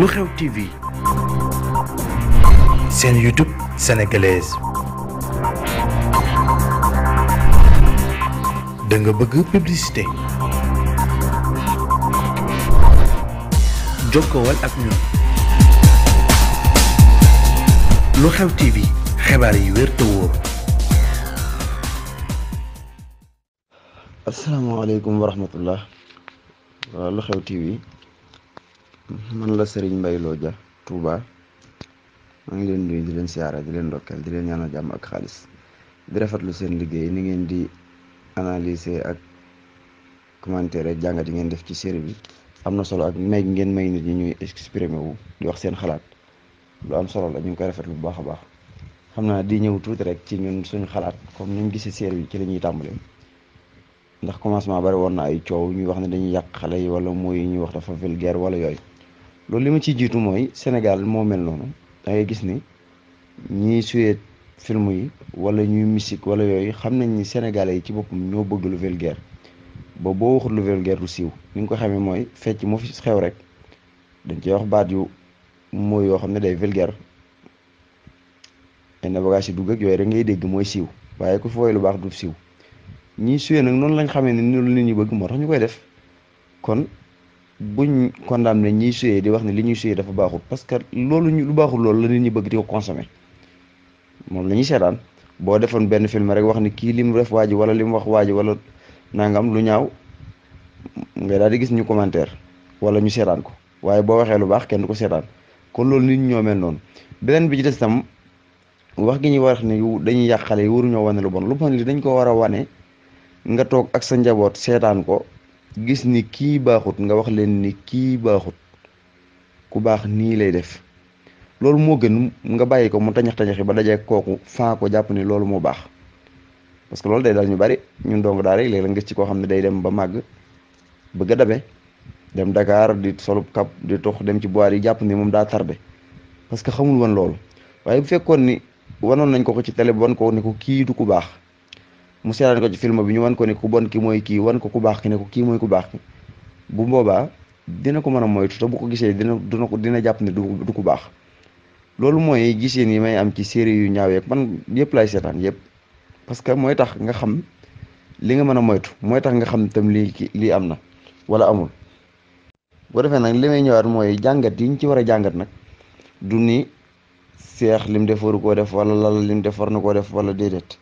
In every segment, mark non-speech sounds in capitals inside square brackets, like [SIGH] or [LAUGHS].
lu TV seen YouTube sénégalaise da nga bëgg publicité jokkowal ak ñun lu TV xibaar yi wér te wóor. asalaamaaleykum wa rahmatullah TV. man la seriñ Mbaye Lo Dia maa ngi leen nuyu di leen siyaara di leen ndokkeel di leen ñaanal jàmm ak xaalis di rafetlu seen liggéey ni ngeen di analyser ak commentaire ak jàngat yi ngeen def ci série bi am na solo ak may ngeen may nit ñi ñuy exprimer wu di wax seen xalaat lu am solo la ñu ngi koy rafetlu bu baax a baax xam naa di ñëw tuuti rek ci ñun suñu xalaat comme ni ñu gisee série bi ci la ñuy tàmbalee ndax commencement bari woon na ay coow ñuy wax ne dañuy yàq xale yi wala mooy ñuy wax dafa vulgaire wala yooyu. loolu li ma ciy jiitu mooy Sénégal moo mel noonu dangay gis ni ñiy suyee film yi wala ñuy musique wala yooyu xam nañ ni Sénégalais yi ci boppam ñoo bëgg lu vulgaire ba boo waxul lu vulgaire lu siiw ni nga ko xamee mooy fecc moo fi xew rek dañ ci wax baat yu mooy yoo xam ne day vulgaire yenn bagage yi dugg ak yooyu rek ngay dégg mooy siiw waaye ku fooy lu baax du siiw ñii suyee nag noonu lañ xame ne noonu nit ñi bëgg moo tax ñu koy def kon. buñ condamné ñiy suyee di wax ne li ñuy suyee dafa baaxul parce que loolu ñu lu baaxul loolu la nit ñi bëgg di ko consommer moom la ñuy seetaan boo defoon benn film rek wax ni kii li mu def waa wala li mu wax waa ji wala nangam lu ñaaw ngay daal di gis ñu commentaire wala ñu seetaan ko waaye boo waxee lu baax kenn ko seetaan kon loolu nit ñoo noonu beneen bi ci des tam wax gi ñuy wax ne dañuy yàq xale yi waruñoo wane lu bon lu bon li dañ koo war a wane nga toog ak sa njaboot seetaan ko gis ni kii baaxut nga wax leen ni kii baaxut ku baax nii lay def loolu moo gën nga bàyyi ko mu tañax tañaxi ba dajee kooku faa ko jàpp ni loolu moo baax parce que loolu day dal ñu bari ñun dong daal rek léeg-léeg nga ci koo xam ne day dem ba màgg bëgg a dabe dem Dakar di solub kap di tox dem ci boire yi jàpp ni moom daa tarbe parce que xamul woon loolu waaye bu fekkoon ni wanoon nañ ko ko ci télé bon ko ne ko kii du ku baax mu seetaan ko ci film bi ñu wan ko ne ku bon ki mooy kii wan ko ku baax ki ne ko kii mooy ku baax ki bu boobaa dina ko mën a moytu te bu ko gisee dina dina ko dina jàpp ne du du ku baax loolu mooy gisee ni may am ci série yu ñaaweek man yëpp lay seetaan yëpp parce que mooy tax nga xam li nga mën a moytu mooy tax nga xam tam lii ki lii am na wala amul boo defee nag li ñëwaat mooy jàngat yi ñu ci war a jàngat nag du ni seex lim def waru koo def wala lala lim def war na koo def wala déedéet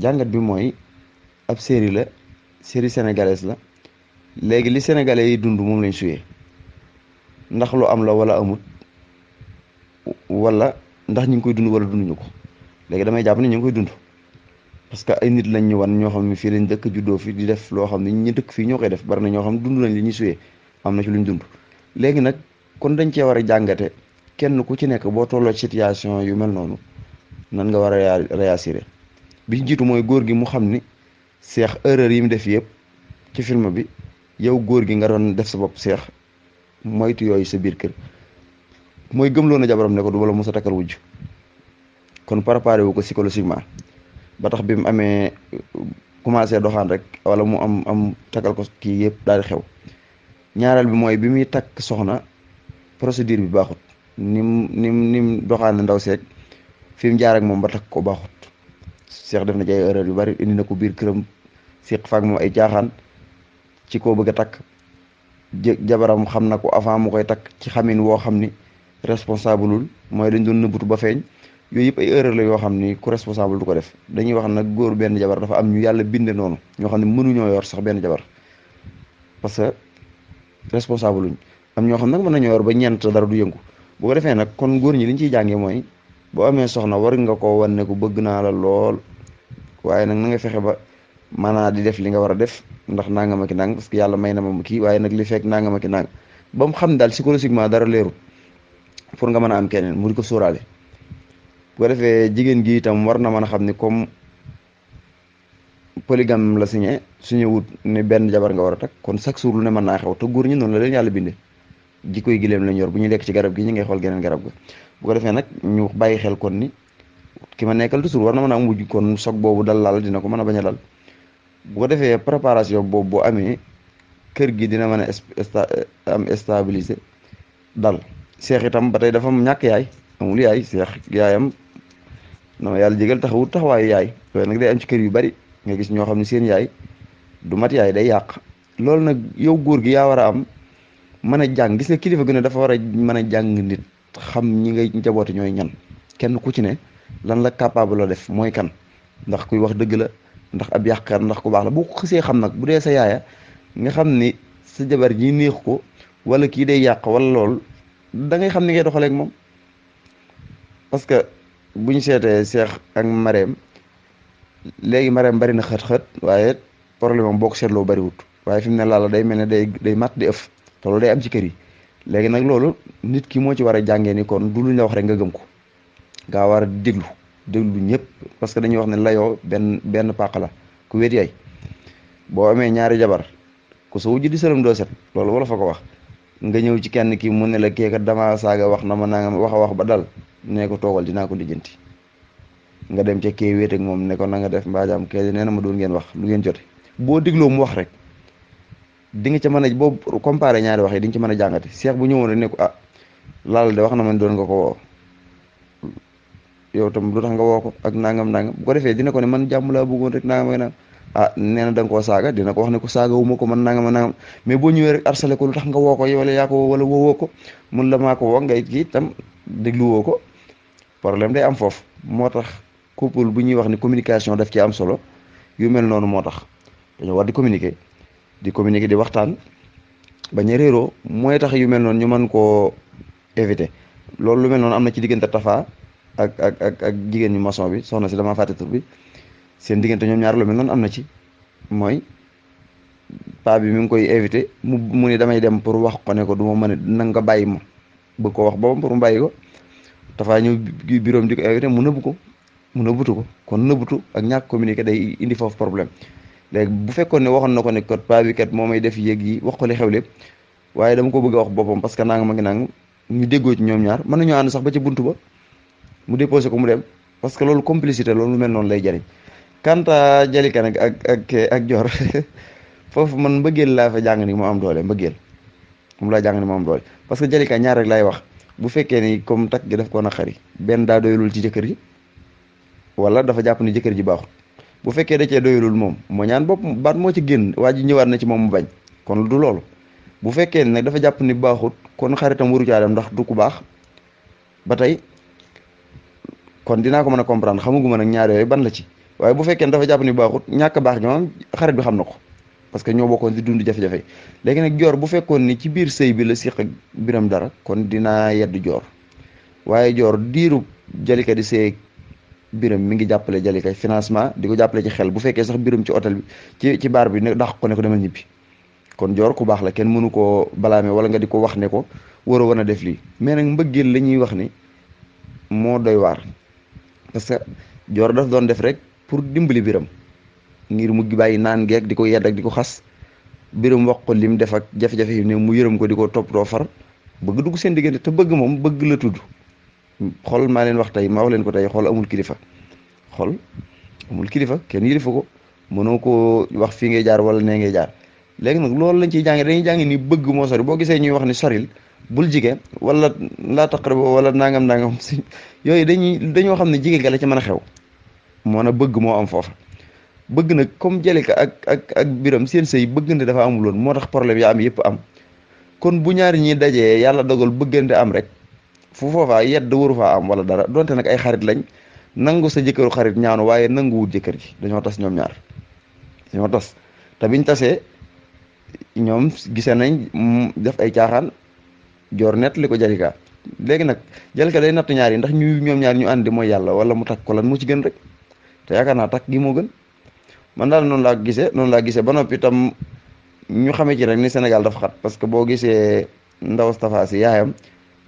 jàngat bi mooy ab série la série sénégalaise la léegi li sénégalais yi dund moom lañ suyee ndax lu am la wala amut walla ndax ñu ngi koy dund wala dunduñu ko léegi damay jàpp ne ñu ngi koy dund parce que ay nit lañ ñu wan ñoo xam ne fii lañ dëkk juddoo fi di def loo xam ne ñu dëkk fii ñoo koy def bari na ñoo xam ne dund nañ li ñuy suyee am na ci luñ dund léegi nag kon dañ cee war a jàngate kenn ku ci nekk boo tolloo situation yu mel noonu nan nga war a réassuré bi jiitu mooy góor gi mu xam ni seex erreur yi mu def yëpp ci film bi yow góor gi nga doon def sa bopp seex moytu yooyu sa biir kër mooy gëmloo na jabaram ne ko du wala mos a takkal wujj kon préparé wu ko psychologiquement ba tax bi mu amee commencé doxaan rek wala mu am am takkal ko kii yëpp daal di xew ñaareel bi mooy bi muy takk soxna procédure bi baaxut nim nim nim doxaan ndaw seeg fi mu jaar ak moom ba takk ko baaxut Cheikh def na ci ay erreur yu bari indi na ko biir këram siq faak moom ay caaxaan ci koo bëgg a takk jabaram xam na ko avant mu koy takk ci xamin woo xam ni responsableul mooy dañ doon na butu ba feeñ yooyu yëpp ay erreur la yoo xam ni ku responsable du ko def dañuy wax nag góor benn jabar dafa am ñu yàlla binde noonu ñoo xam ne mënuñoo yor sax benn jabar parce que responsable am ñoo xam mën nañoo yor ba ñeent dara du yëngu boo ko defee nag kon góor ñi liñ ciy jàngee mooy boo amee soxna war nga koo wan ne ko bëgg naa la lool waaye nag na nga fexe ba maanaa di def li nga war a def ndax nanga ma ki nang parce que yàlla may na ma mu kii waaye nag li fekk nanga ma ki nang ba mu xam daal psychologiquement dara leerul pour nga mën a am keneen mu di ko sóoraale bu ko defee jigéen gi itam war na mën a xam ni comme polygame la e suñu wut ne benn jabar nga war a kon chaque jour ne mën naa xew te góor ñi noonu la leen yàlla bindee jikkoy gileem lañ yor bu ñuy lekk ci garab gi ñu ngay xool geneen garab ga bu defee nag ñu bàyyi xel kon ni ki ma nekkal toujours war na mën a am mujj kon soog boobu dal laal dina ko mën a bañ a dal bu defee préparation boobu boo amee kër gi dina mën a am stabilisé dal seex itam ba tey dafa ñàkk yaay amul yaay seex yaayam na yàlla jégal taxawut taxawaayu yaay waaye nag day am ci kër yu bari nga gis ñoo xam ne seen yaay du mat yaay day yàq loolu nag yow góor gi yaa war a am mën a jàng gis nga kilifa gën a dafa war a mën a jàng nit xam ñi ngay njaboote ñooy ñan kenn ku ci ne lan la capable def mooy kan ndax kuy wax dëgg la ndax ab yàqar ndax ku baax la bu ko xësee xam nag bu dee sa yaaya nga xam ni sa jabar ji neex ko wala kii day yàq wala lool da ngay xam ni ngay doxaleeg moom parce que bu ñu seetee Cheikh ak Marème léegi Marème bari na xët-xët waaye problème am boo ko seetloo bariwut waaye fi mu ne laala day mel ne day day mat di ëf te loolu day am ci kër yi léegi nag loolu nit ki moo ci war a jàngee ni kon du luñ wax rek nga gëm ko ngaa war a déglu déglu ñëpp parce que dañuy wax ne layoo benn benn pàq la ku wéet yaay boo amee ñaari jabar ko sa ji di sëram doo set loolu wala fa ko wax nga ñëw ci kenn ki mu ne la kee kat dama saaga wax na ma naa wax a wax ba dal nee ko toogal dinaa ko lijjanti nga dem ca kee wéet ak moom ne ko na nga def mbaajaam kee nee na ma doon ngeen wax lu ngeen jote boo dégloo mu wax rek di nga ca mën a boo comparé ñaari wax yi di nga ci mën a jàngati seex bu ñëwoon rek ne ko ah, laal de wax na man doon nga ko woo yow tam lu tax nga woo ko ak nangam nangam bu ko defee dina ko ne man jàmm laa bëggoon rek nangam ak nangam ah nee na da saaga dina ko wax ne ko saaga wu ma ko man nangam nangam mais boo ñëwee rek arsale ko lu tax nga woo ko wala yaa ko woo wala ko mun la maa ko woo nga it kii tam dégluwoo ko problème day am foofu moo tax couple bu ñuy wax ni communication def ci am solo yu mel noonu moo tax dañoo war di communiquer. di communiquer di waxtaan bañ a réeroo mooy tax yu mel noon ñu man koo éviter loolu lu mel noon am na ci diggante Tafa ak ak ak jigéen ñu maçon bi soxna si damaa fàtte bi seen diggante ñoom ñaar lu mel noonu am na ci mooy paa bi mi ngi koy éviter mu mu ne damay dem pour wax ko ne ko du ma mën a na nga bàyyi ma bëgg ko wax boobam pour mu bàyyi ko Tafa ñëw biroom di ko éviter mu nëbbu ko mu nëbbutu ko kon nëbbutu ak ñàkk communiquer day indi foofu problème. léegi bu fekkoon ne waxoon na ko ne kat paa bi kat moo may def yéeg yi wax ko li xew lépp waaye dama ko bëgg a wax boppam parce que nanga ma ngi nang ñu déggoo ci ñoom ñaar mën nañoo ànd sax ba ci buntu ba mu déposé ko mu dem parce que loolu complicité loolu mel noonu lay jariñ kanta jalika nag ak ak ak jor [LAUGHS] foofu man mbëggeel laa fa jàng ni mu am doole mbëggeel moom laa jàng ni moo am doole parce que jalika ñaar rek lay wax bu fekkee ni comme takk def daf ko naqari benn daa loolu ci jëkkër ji wala dafa jàpp ni jëkkër ji baaxul bu fekkee da cee doyulul moom moo ñaan bopp baat moo ci génn waa ji ñëwaat na ci moom mu bañ kon du loolu bu fekkee nag dafa jàpp ni baaxut kon xaritam waru caa dem du ku baax ba tey kon dinaa ko mën a comprendre xamuguma nag ñaar yooyu ban la ci waaye bu fekkee dafa jàpp ni ñàkk baax gi moom xarit bi xam na ko parce que ñoo bokkoon di dund jafe-jafe léegi nag joor bu fekkoon ni ci biir sëy bi la siq ak biram dara kon dinaa yedd joor waaye joor diiru jalika di sëy biram mi ngi jàppale jali kay financement di ko jàppale ci xel bu fekkee sax biram ci hôtel bi ci ci baar bi ne dàq ko ne ko demal ñibbi kon joor ku baax la kenn mënu koo balaame wala nga di ko wax ne ko waroo woon a def lii mais nag mbëggeel la ñuy wax ni moo doy waar parce que joor daf doon def rek pour dimbali biram ngir mu bàyyi naan geeg di ko yedd ak di ko xas biram wax ko lim defak ak jafe-jafe yi ne mu yërëm ko di ko toppatoo far bëgg dugg seen diggante te bëgg moom bëgg la tudd xol maa leen wax tey maa wax leen ko tay xol amul kilifa xol amul kilifa kenn yilifa ko mënoo koo wax fii ngay jaar wala nee ngay jaar léegi nag loolu lañ ciy jàngee dañuy jàngee ni bëgg moo sori boo gisee ñuy wax ni soril bul jige wala laa wala nangam nangam [LAUGHS] si yooyu dañuy dañoo xam ne jige ga la ci mën a xew moo na bëgg moo am foofa bëgg nag comme Jalika ak ak ak biram seen sëy bëggante dafa amuloon moo tax problème yaa am yëpp am kon bu ñaar ñi dajee yàlla dogal bëggante am rek fu foofaa yedd waru faa am wala dara donte nag ay xarit lañ nangu sa jëkkëru xarit ñaanu waaye nanguwul jëkkër ji dañoo tas ñoom ñaar dañoo tas te biñ tasee ñoom gisee nañ def ay caaxaan joor nett li ko jalika léegi nag jalika day natt ñaar ndax ñu ñoom ñaar ñu àndi mooy yàlla wala mu takk ko lan mu ci gën rek te yaakaar naa takk gi moo gën man daal noonu laa gisee noonu laa gisee ba noppi itam ñu xamee ci rek ni Sénégal dafa xat parce que boo gisee ndaw Stapha si yaayam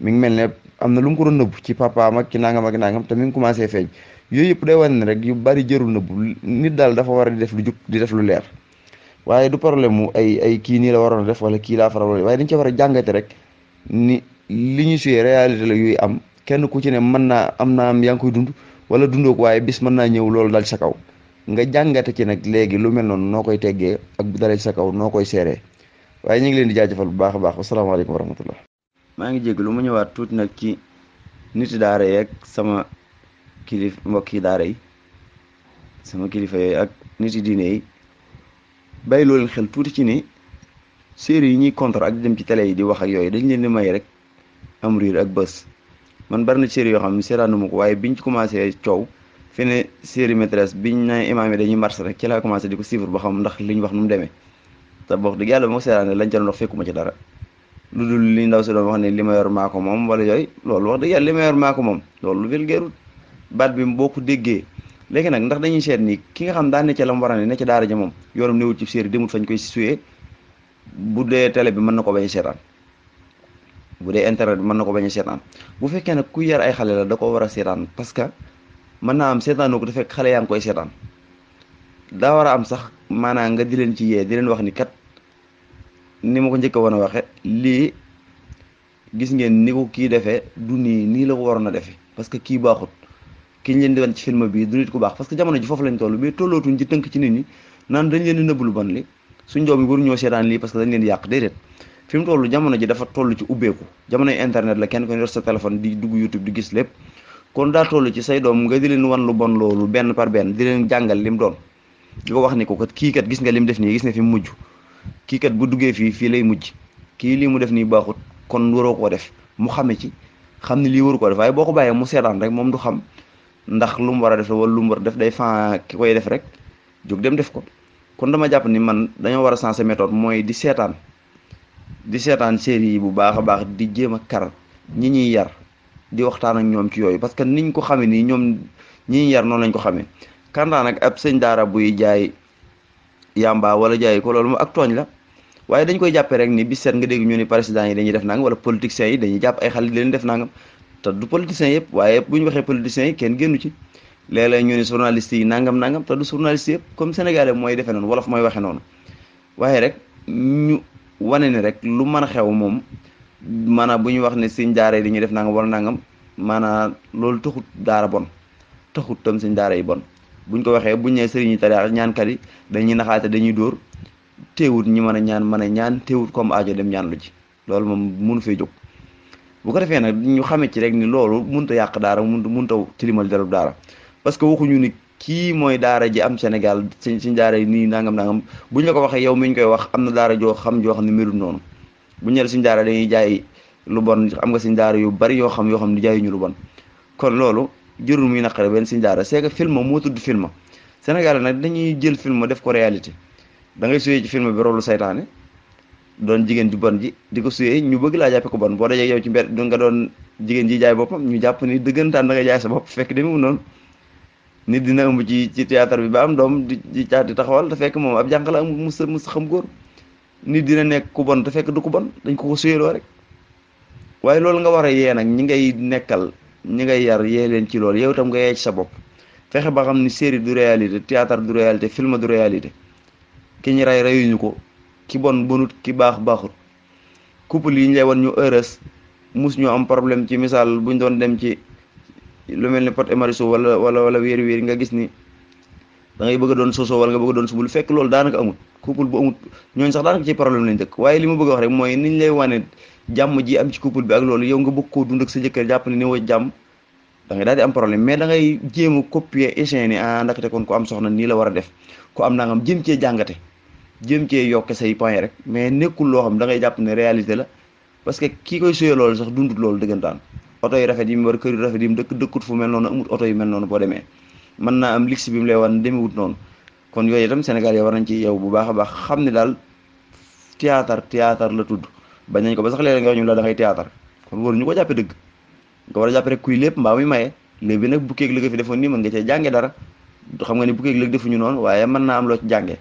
mi mel am na lu mu ko doon nëbb ci papaam ak ci ak nangam te mi ngi commencé yooyu yëpp day wane ne rek yu bari jërul nëbb nit daal dafa war a def lu jub di def lu leer waaye du problème mu ay ay kii nii la waroon a def wala kii laa faral waaye dañ ci war a rek ni li ñu suyee réalité la yuy am kenn ku ci ne mën naa am naa yaa ngi koy dund wala dundoo ko waaye bis mën naa ñëw loolu dal sa kaw nga jàngate ci nag léegi lu mel noon noo koy teggee ak bu dalee ci sa kaw noo koy seeree waaye ñu ngi leen di jaajëfal bu baax a baax wasalaamaaleykum wa rahmatullah maa ngi jégg lu mu ñëwaat tuuti nag ci niti daara yeeg sama kilif mbokki daara yi sama kilifa yooyu ak niti diine yi bàyyi loo leen xel tuuti ci nii série yi ñuy contre ak di dem ci télé yi di wax ak yooyu dañ leen di may rek am riir ak bës man bari na yoo xam ne seetaanu ma ko waaye biñ ci commencé coow fi ne série maîtresse biñ na imaam yi dañuy mars rek ci laa commencé di ko suivre ba xam ndax liñ wax nu mu demee te boo dëgg yàlla ba ma lañ ca doon wax fekkuma ci dara lu dul li ndaw si doon wax ne li ma yor maa ko moom wala yooyu loolu wax dëgg yàlla li ma yor maa ko moom loolu vulgaire baat bi boo ko déggee léegi nag ndax dañuy seet nii ki nga xam daan ne ca la mu war a ne ne ca daara ja moom yoonam newul ci série demul fañ koy suyee bu dee télé bi mën na ko bañ a bu dee internet bi mën na ko bañ a seetaan bu fekkee nag ku yar ay xale la da ko war a seetaan parce que mën naa am seetaanoo ko te fekk xale yaa ngi koy seetaan daa war am sax maanaam nga di leen ci yee di leen wax ni kat ni ma ko njëkk wan a waxe lii gis ngeen ni ko kii defee du nii nii la ko waroon a defe parce que kii baaxut ki ñu leen di wan ci film bii du nit ku baax parce que jamono ji foofu lañ toll mais tollootuñ ci tënk ci nit ñi naan dañ leen di nëbb lu bon li suñ doom yi waru ñoo seetaan parce que dañ leen di yàq déedéet fi mu toll ji dafa toll ci ubbeeku jamonoy internet la kenn ko yor sa téléphone di dugg YouTube di gis lépp kon daa toll ci say doom nga di leen wan lu bon loolu benn par benn di leen jàngal lim doon di ko wax ni ko kat kii kat gis nga lim def nii gis nga fi mu mujj kii kat bu duggee fii fii lay mujj kii lii mu def nii baaxut kon waroo koo def mu xame ci xam ne lii waru ko def waaye boo ko bàyyee mu seetaan rek moom du xam ndax lu mu war a def la wala lu mu war def day fan ki koy def rek jóg dem def ko kon dama jàpp ni man dañoo war a sensé méthode mooy di seetaan di seetaan série yi bu baax a baax di jéem a kar ñi ñuy yar di waxtaan ak ñoom ci yooyu parce que niñ ko xamee nii ñoom ñi ñuy yar noonu lañ ko xamee kantaan nag ab sëñ daara buy jaay yamba wala jaay ko loolu moom ak tooñ la waaye dañ koy jàppee rek ni bi seet nga dégg ñu ni président yi dañuy def nangam wala politiciens yi dañuy jàpp ay xale di leen def nangam te du politiciens yëpp waaye bu ñu waxee politiciens yi kenn génnu ci léeg-léeg ñu yi nangam nangam te du journaliste yëpp comme sénégalais mooy defee noonu wolof mooy waxee noonu waaye rek ñu wane ne rek lu mën a xew moom maanaam bu ñu wax ne sëñ daara yi dañuy def nangam wala nangam maanaam loolu taxut daara bon taxut tam sëñ daara yi bon bu ñu ko waxee buñ nee sëriñu tarixa ñaankat yi dañuy naxaate dañuy dóor teewut ñi mën a ñaan mën a ñaan teewut comme aajo dem ñaan lu ji loolu moom mënu fee jóg bu ko defee nag ñu xamee ci rek ni loolu munta yàq daara mun munta tilimal derub daara parce que waxuñu ni kii mooy daara ji am Sénégal si si daara yi nii nangam bu buñ la ko waxee yow ñu koy wax am na daara joo xam joo xam ne mbirum noonu bu ñëwee suñ daara dañuy jaay lu bon am nga suñ daara yu bari yoo xam yoo xam ne jaayuñu lu bon kon loolu jërul muy naqare benn Sëñ Daara c'est que film moo tudd film Sénégal nag dañuy jël film def ko réalité da ngay suyee ci film bi rolu seytaane doon jigéen ju bon ji di ko suyee ñu bëgg laa jàppe ko bon boo dajee yow ci mbedd nga doon jigéen ji jaay boppam ñu jàpp ni dëggantaan da nga jaay sa bopp fekk demeewul noonu nit dina ëmb ci ci théâtre bi ba am doom di di caat di taxawal te fekk moom ab jànq la am musa musa xam góor nit dina nekk ku bon te fekk du ku bon dañ ko ko suyeloo rek waaye loolu nga war a yee nag ñi ngay nekkal ñu ngay yar yee leen ci loolu yow itam nga yee ci sa bopp fexe ba xam ni série du réalité théâtre du réalité film du réalité ki ñu rey reyuñu ko ki bon bonut ki baax baaxut couple yi ñu lay wan ñu heureuse mus ñu am problème ci misaal buñ doon dem ci lu mel ni Pod et Marichou wala wala wala wéer wéer nga gis ni da bëgg a doon soosoo wala nga bëgg a doon subul fekk loolu daanaka amut couple bu amut ñooñu sax daanaka ci problème lañ dëkk waaye a wax rek mooy niñ lay jàmm ji am ci couple bi ak loolu yow nga bëgg koo dund ak sa jëkkër jàpp ne woo jàmm da ngay daal di am problème mais da ngay jéem a copier échaîner ah ndaxte kon ku am soxna nii la war a def ku am nangam jéem cee jàngate jëm cee yokke say point rek mais nekkul loo xam da ngay jàpp ne réalité la parce que kii koy suyee loolu sax dundut loolu dëggantaan oto yi rafet yi mu war kër yu yi mu dëkk dëkkut fu mel noonu amut oto yu mel noonu boo demee mën naa am lix bi mu lay wan wut noonu kon yooyu tam Sénégal yi war nañ ci yow bu baax a baax xam ne daal théâtre théâtre la tudd bañ nañ ko ba sax léeg nga ñu la da ngay théâtre kon wóor ñu ko jàppe dëgg nga war a jàppe rek kuy lépp mbaa muy maye léegi bi nag bukkeeg lëg fi defoon nii mën nga cee jànge dara xam nga ne bukkeeg lëg defuñu noonu waaye man naa am loo ci jànge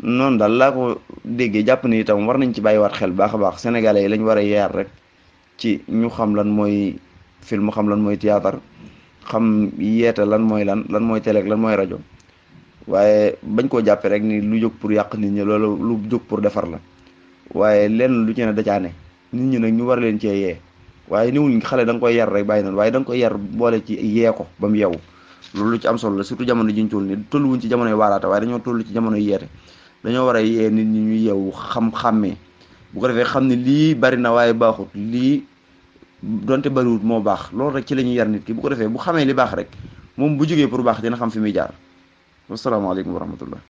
noonu daal laa ko déggee jàpp ni itam war nañ ci bàyyiwaat xel baax a baax sénégalais yi lañ war a yaar rek ci ñu xam lan mooy film xam lan mooy théâtre xam yeete lan mooy lan lan mooy télé lan mooy rajo waaye bañ koo jàppe rek ni lu jóg pour yàq nit ñi loolu lu jóg pour defar la waaye lenn lu ci ne da nit ñu nag ñu war leen cee yee waaye niwuñ xale da koy yar rek bàyyi noonu waaye danga nga koy yar boole ci yee ko ba mu yeewu loolu ci am solo surtout jamono ji ñu toll nii tolluwuñ ci jamonoy waaraate waaye dañoo toll ci jamono yeete dañoo war a yee nit ñi ñu yeewu xam-xàmmee bu ko defee xam ne lii bari na waaye baaxut lii donte bariwut moo baax loolu rek ci la yar nit ki bu ko defee bu xamee li baax rek moom bu jógee pour baax dina xam fi muy jaar wasalaamaaleykum wa rahmatullah